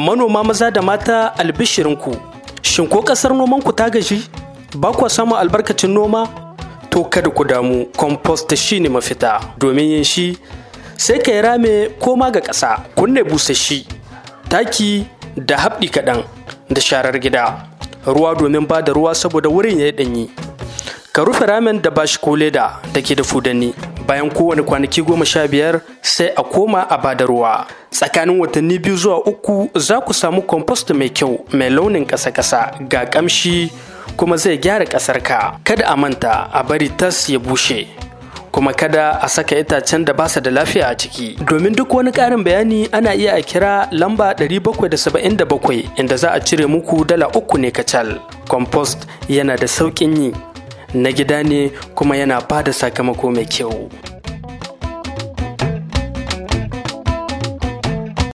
manoma maza da mata albishirinku shin ko kasar nomanku ta gaji ba kwa samun albarkacin noma to kada ku damu compost shi ne mafita domin yin shi sai ka yi rame koma ga ƙasa kunne busashi taki da haɓɗi kaɗan da sharar gida ruwa domin ba da ruwa saboda wurin ya yi ɗanyi ka rufe ramen da bashi ko leda da ke da fudanni bayan kowane kwanaki goma sha biyar sai a koma a bada ruwa tsakanin watanni biyu zuwa uku za ku samu compost mai kyau mai launin ƙasa-ƙasa ga ƙamshi kuma zai gyara ƙasar ka kada a manta a bari tas ya bushe kuma kada a saka itacen da basa da lafiya a ciki domin duk wani ƙarin bayani ana iya a kira lamba da bakwai, inda za a cire muku dala uku ne kacal compost yana da sauƙin yi na gida ne kuma yana ba da sakamako mai kyau